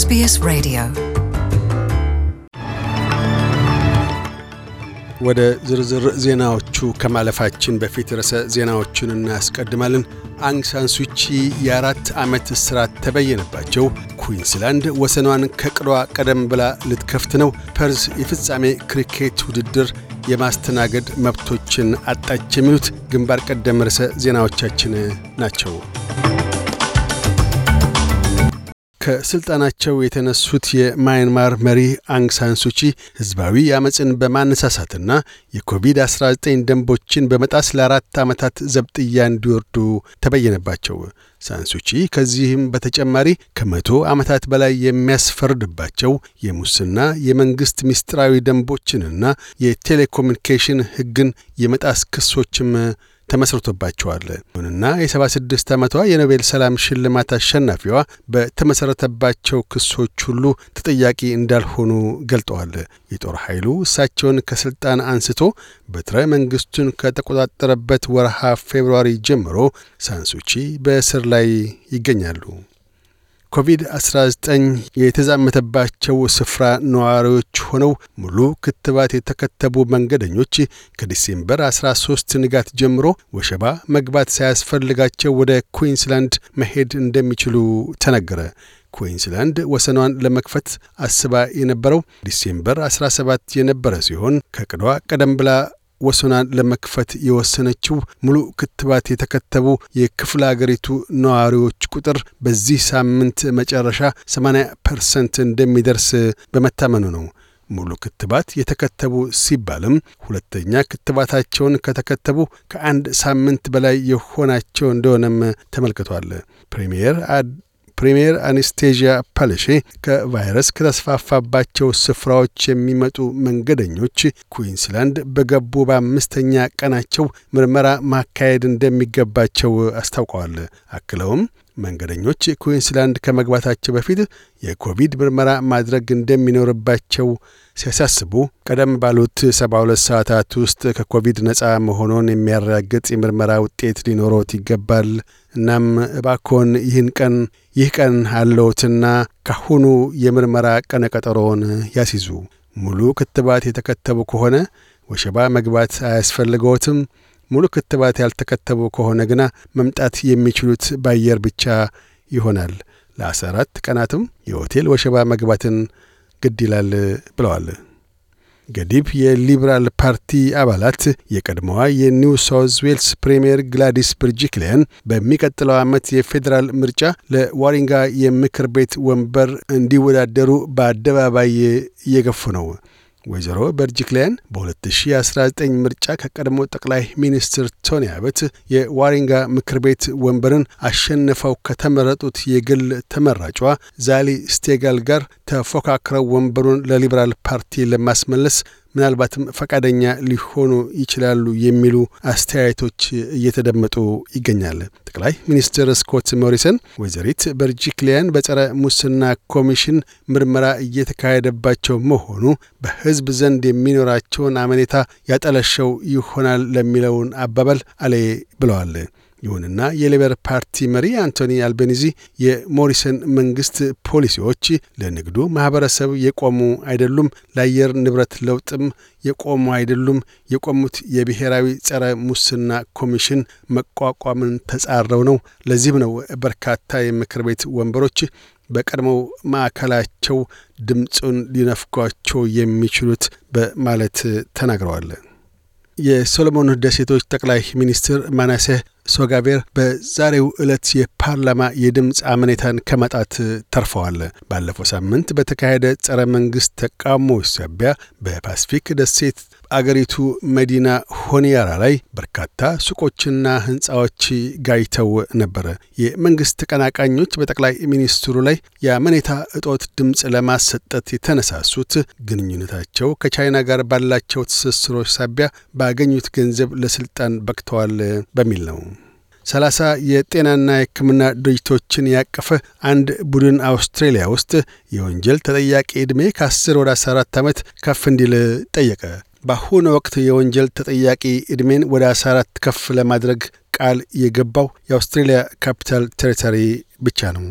SBS Radio. ወደ ዝርዝር ዜናዎቹ ከማለፋችን በፊት ርዕሰ ዜናዎቹን እናስቀድማለን። አንግሳን ሱቺ የአራት ዓመት እስራት ተበየነባቸው። ኩዊንስላንድ ወሰኗን ከቅሏ ቀደም ብላ ልትከፍት ነው። ፐርዝ የፍጻሜ ክሪኬት ውድድር የማስተናገድ መብቶችን አጣች። የሚሉት ግንባር ቀደም ርዕሰ ዜናዎቻችን ናቸው። ከስልጣናቸው የተነሱት የማያንማር መሪ አንግሳን ሱቺ ህዝባዊ አመፅን በማነሳሳትና የኮቪድ-19 ደንቦችን በመጣስ ለአራት ዓመታት ዘብጥያ እንዲወርዱ ተበየነባቸው። ሳንሱቺ ከዚህም በተጨማሪ ከመቶ ዓመታት በላይ የሚያስፈርድባቸው የሙስና የመንግሥት ምስጢራዊ ደንቦችንና የቴሌኮሙኒኬሽን ሕግን የመጣስ ክሶችም ተመስርቶባቸዋል። ይሁንና የ ስድስት ዓመቷ የኖቤል ሰላም ሽልማት አሸናፊዋ በተመሠረተባቸው ክሶች ሁሉ ተጠያቂ እንዳልሆኑ ገልጠዋል። የጦር ኃይሉ እሳቸውን ከሥልጣን አንስቶ በትረ መንግሥቱን ከተቆጣጠረበት ወርሃ ፌብርዋሪ ጀምሮ ሳንሱቺ በእስር ላይ ይገኛሉ። ኮቪድ-19 የተዛመተባቸው ስፍራ ነዋሪዎች ሆነው ሙሉ ክትባት የተከተቡ መንገደኞች ከዲሴምበር 13 ንጋት ጀምሮ ወሸባ መግባት ሳያስፈልጋቸው ወደ ኩዊንስላንድ መሄድ እንደሚችሉ ተነገረ። ኩዊንስላንድ ወሰኗን ለመክፈት አስባ የነበረው ዲሴምበር 17 የነበረ ሲሆን ከቅዷ ቀደም ብላ ወሰኗን ለመክፈት የወሰነችው ሙሉ ክትባት የተከተቡ የክፍለ አገሪቱ ነዋሪዎች ቁጥር በዚህ ሳምንት መጨረሻ 80 ፐርሰንት እንደሚደርስ በመታመኑ ነው። ሙሉ ክትባት የተከተቡ ሲባልም ሁለተኛ ክትባታቸውን ከተከተቡ ከአንድ ሳምንት በላይ የሆናቸው እንደሆነም ተመልክቷል። ፕሪምየር ፕሪምየር አኔስቴዥያ ፓለሼ ከቫይረስ ከተስፋፋባቸው ስፍራዎች የሚመጡ መንገደኞች ኩዊንስላንድ በገቡ በአምስተኛ ቀናቸው ምርመራ ማካሄድ እንደሚገባቸው አስታውቀዋል። አክለውም መንገደኞች ኩዊንስላንድ ከመግባታቸው በፊት የኮቪድ ምርመራ ማድረግ እንደሚኖርባቸው ሲያሳስቡ ቀደም ባሉት 72 ሰዓታት ውስጥ ከኮቪድ ነፃ መሆኑን የሚያረጋግጥ የምርመራ ውጤት ሊኖሮት ይገባል። እናም እባኮን ይህን ቀን ይህ ቀን አለዎትና ካሁኑ የምርመራ ቀነቀጠሮውን ያስይዙ። ሙሉ ክትባት የተከተቡ ከሆነ ወሸባ መግባት አያስፈልገዎትም። ሙሉ ክትባት ያልተከተቡ ከሆነ ግና መምጣት የሚችሉት በአየር ብቻ ይሆናል። ለአስራ አራት ቀናትም የሆቴል ወሸባ መግባትን ግድ ይላል ብለዋል። ገዲብ የሊብራል ፓርቲ አባላት የቀድሞዋ የኒው ሳውዝ ዌልስ ፕሪምየር ግላዲስ ብርጅክሊያን በሚቀጥለው ዓመት የፌዴራል ምርጫ ለዋሪንጋ የምክር ቤት ወንበር እንዲወዳደሩ በአደባባይ እየገፉ ነው። ወይዘሮ በርጅክሊያን በ2019 ምርጫ ከቀድሞ ጠቅላይ ሚኒስትር ቶኒ አበት የዋሪንጋ ምክር ቤት ወንበርን አሸንፈው ከተመረጡት የግል ተመራጯ ዛሊ ስቴጋል ጋር ተፎካክረው ወንበሩን ለሊበራል ፓርቲ ለማስመለስ ምናልባትም ፈቃደኛ ሊሆኑ ይችላሉ የሚሉ አስተያየቶች እየተደመጡ ይገኛል። ጠቅላይ ሚኒስትር ስኮት ሞሪሰን ወይዘሪት በርጂክሊያን በጸረ ሙስና ኮሚሽን ምርመራ እየተካሄደባቸው መሆኑ በሕዝብ ዘንድ የሚኖራቸውን አመኔታ ያጠለሸው ይሆናል ለሚለውን አባባል አሌ ብለዋል። ይሁንና የሌበር ፓርቲ መሪ አንቶኒ አልቤኒዚ የሞሪሰን መንግስት ፖሊሲዎች ለንግዱ ማህበረሰብ የቆሙ አይደሉም፣ ለአየር ንብረት ለውጥም የቆሙ አይደሉም። የቆሙት የብሔራዊ ጸረ ሙስና ኮሚሽን መቋቋምን ተጻረው ነው። ለዚህም ነው በርካታ የምክር ቤት ወንበሮች በቀድሞው ማዕከላቸው ድምፁን ሊነፍጓቸው የሚችሉት በማለት ተናግረዋል። የሶሎሞን ደሴቶች ጠቅላይ ሚኒስትር ማናሴህ ሶጋቬር በዛሬው ዕለት የፓርላማ የድምፅ አመኔታን ከማጣት ተርፈዋል። ባለፈው ሳምንት በተካሄደ ጸረ መንግሥት ተቃውሞ ሳቢያ በፓስፊክ ደሴት አገሪቱ መዲና ሆኒያራ ላይ በርካታ ሱቆችና ህንፃዎች ጋይተው ነበረ። የመንግስት ተቀናቃኞች በጠቅላይ ሚኒስትሩ ላይ የአመኔታ እጦት ድምፅ ለማሰጠት የተነሳሱት ግንኙነታቸው ከቻይና ጋር ባላቸው ትስስሮች ሳቢያ ባገኙት ገንዘብ ለስልጣን በቅተዋል በሚል ነው። ሰላሳ የጤናና የሕክምና ድርጅቶችን ያቀፈ አንድ ቡድን አውስትሬሊያ ውስጥ የወንጀል ተጠያቂ ዕድሜ ከ10 ወደ 14 ዓመት ከፍ እንዲል ጠየቀ። በአሁኑ ወቅት የወንጀል ተጠያቂ ዕድሜን ወደ 14 ከፍ ለማድረግ ቃል የገባው የአውስትሬልያ ካፒታል ቴሪተሪ ብቻ ነው።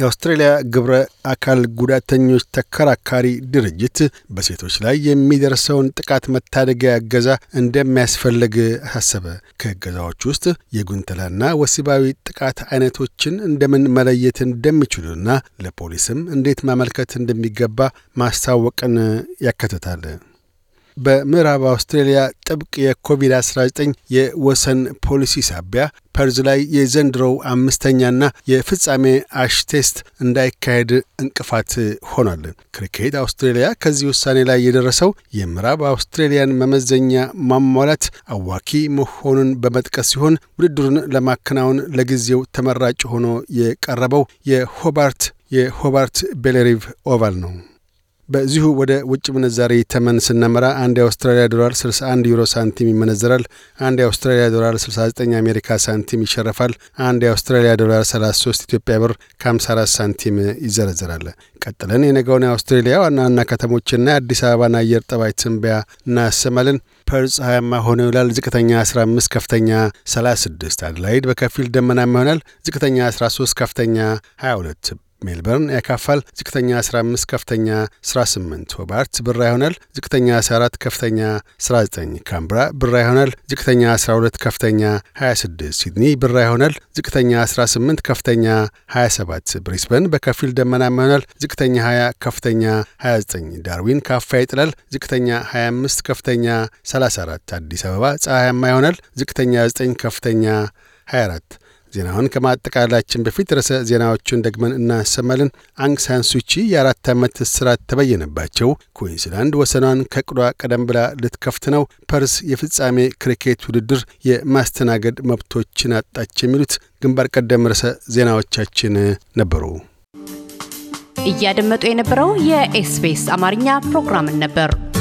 የአውስትሬልያ ግብረ አካል ጉዳተኞች ተከራካሪ ድርጅት በሴቶች ላይ የሚደርሰውን ጥቃት መታደጊያ እገዛ እንደሚያስፈልግ አሳሰበ። ከእገዛዎች ውስጥ የጉንተላና ወሲባዊ ጥቃት አይነቶችን እንደምን መለየት እንደሚችሉና ለፖሊስም እንዴት ማመልከት እንደሚገባ ማስታወቅን ያካትታል። በምዕራብ አውስትሬሊያ ጥብቅ የኮቪድ-19 የወሰን ፖሊሲ ሳቢያ ፐርዝ ላይ የዘንድሮው አምስተኛና የፍጻሜ አሽ ቴስት እንዳይካሄድ እንቅፋት ሆኗል። ክሪኬት አውስትሬሊያ ከዚህ ውሳኔ ላይ የደረሰው የምዕራብ አውስትሬሊያን መመዘኛ ማሟላት አዋኪ መሆኑን በመጥቀስ ሲሆን ውድድሩን ለማከናወን ለጊዜው ተመራጭ ሆኖ የቀረበው የሆባርት የሆባርት ቤሌሪቭ ኦቫል ነው። በዚሁ ወደ ውጭ ምንዛሪ ተመን ስናመራ አንድ የአውስትራሊያ ዶላር 61 ዩሮ ሳንቲም ይመነዘራል። አንድ የአውስትራሊያ ዶላር 69 አሜሪካ ሳንቲም ይሸረፋል። አንድ የአውስትራሊያ ዶላር 33 ኢትዮጵያ ብር ከ54 ሳንቲም ይዘረዘራል። ቀጥለን የነገውን የአውስትሬሊያ ዋና ዋና ከተሞችና የአዲስ አበባን አየር ጠባይ ትንበያ እናሰማለን። ፐርዝ ፀሐያማ ሆኖ ይውላል። ዝቅተኛ 15፣ ከፍተኛ 36። አድላይድ በከፊል ደመናማ ይሆናል። ዝቅተኛ 13፣ ከፍተኛ 22 ሜልበርን ያካፋል። ዝቅተኛ 15 ከፍተኛ 8 ሆባርት ብራ ይሆናል። ዝቅተኛ 14 ከፍተኛ ስ9 ካምብራ ብራ ይሆናል። ዝቅተኛ 12 ከፍተኛ 26። ሲድኒ ብራ ይሆናል። ዝቅተኛ 18 ከፍተኛ 27። ብሪስበን በከፊል ደመናማ ይሆናል። ዝቅተኛ 20 ከፍተኛ 29። ዳርዊን ካፋ ይጥላል። ዝቅተኛ 25 ከፍተኛ 34። አዲስ አበባ ፀሐያማ ይሆናል። ዝቅተኛ 9 ከፍተኛ 24 ዜናውን ከማጠቃላችን በፊት ርዕሰ ዜናዎቹን ደግመን እናሰማለን። አንግሳን ሱቺ የአራት ዓመት እስራት ተበየነባቸው። ኩዊንስላንድ ወሰኗን ከቅዷ ቀደም ብላ ልትከፍት ነው። ፐርስ የፍጻሜ ክሪኬት ውድድር የማስተናገድ መብቶችን አጣች። የሚሉት ግንባር ቀደም ርዕሰ ዜናዎቻችን ነበሩ። እያደመጡ የነበረው የኤስቢኤስ አማርኛ ፕሮግራምን ነበር።